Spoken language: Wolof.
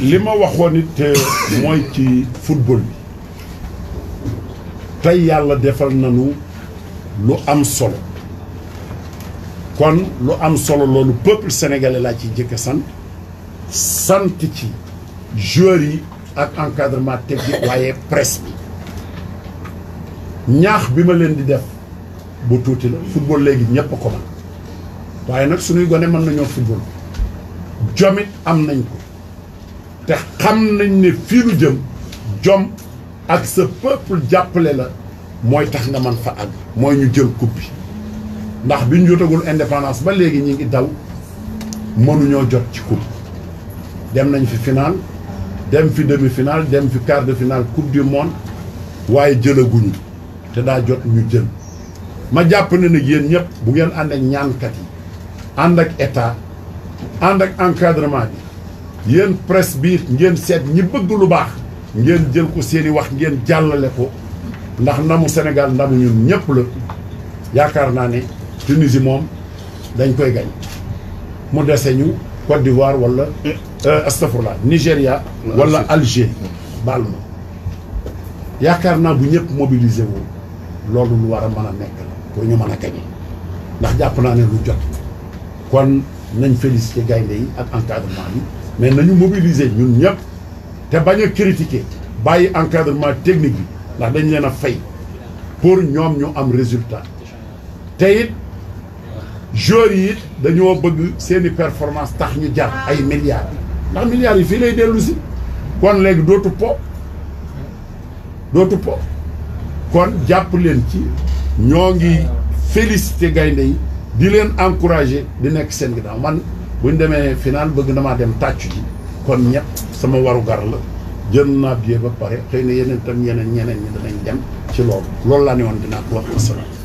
li ma waxoon it mooy ci football bi tey yàlla defal nañu lu am solo kon lu am solo loolu peuple sénégalais laa ci jëkk sant sant ci joueurs yi ak encadrement technique waaye presse bi ñaax bi ma leen di def bu tuuti la football léegi ñépp ko man waaye nag suñuy gone mën nañoo football jomit am nañ ko te xam nañ ne fii lu jëm jom ak sa peuple jàppale la mooy tax nga man fa àgg mooy ñu jël coupe ndax bi ñu jotagul indépendance ba léegi ñi ngi daw mënuñoo jot ci coupe dem nañ fi final dem fi demi final dem fi quart de finale coupe du waaye jëlaguñu te daa jot ñu jël ma jàpp ne nag yéen ñëpp bu ngeen ànd ak ñaankat yi ànd ak état ànd ak encadrement bi yéen presse bi ngeen seet ñi bëgg lu baax ngeen jël ko seeni wax ngeen jàllale ko ndax ndamu Sénégal ndamu ñun ñëpp la yaakaar naa ne Tunisie moom dañ koy gañ mu dese ñu Côte d'Ivoire wala euh, astafurla Nigéria wala Algérie baal ma yaakaar naa bu ñëpp mobiliser woon loolu lu war a mën a nekk la pour ñu mën a gañe ndax jàpp naa ne lu jot kon nañ félicité gaynde yi ak encadrement bi mais nañu mobiliser ñun ñëpp te bañ a critiquer bàyyi encadrement technique bi ndax dañu leen a fay pour ñoom ñu am résultat te it yi dañoo bëgg seeni performance tax ñu jar ay milliards ndax milliards yi fii lay dellu kon léegi dootu po dootu po kon jàpp leen ci ñoo ngi félicité gaynde yi di leen encourager di nekk seen ginnaaw man bu ñu demee finaal bëgg damaa dem tàccu ji kon ñett sama warugar la jën naa billet ba pare xëy na yeneen tam yeneen ñeneen ñi danañ dem ci loolu loolu laa ne woon dinaa ko wax asalaam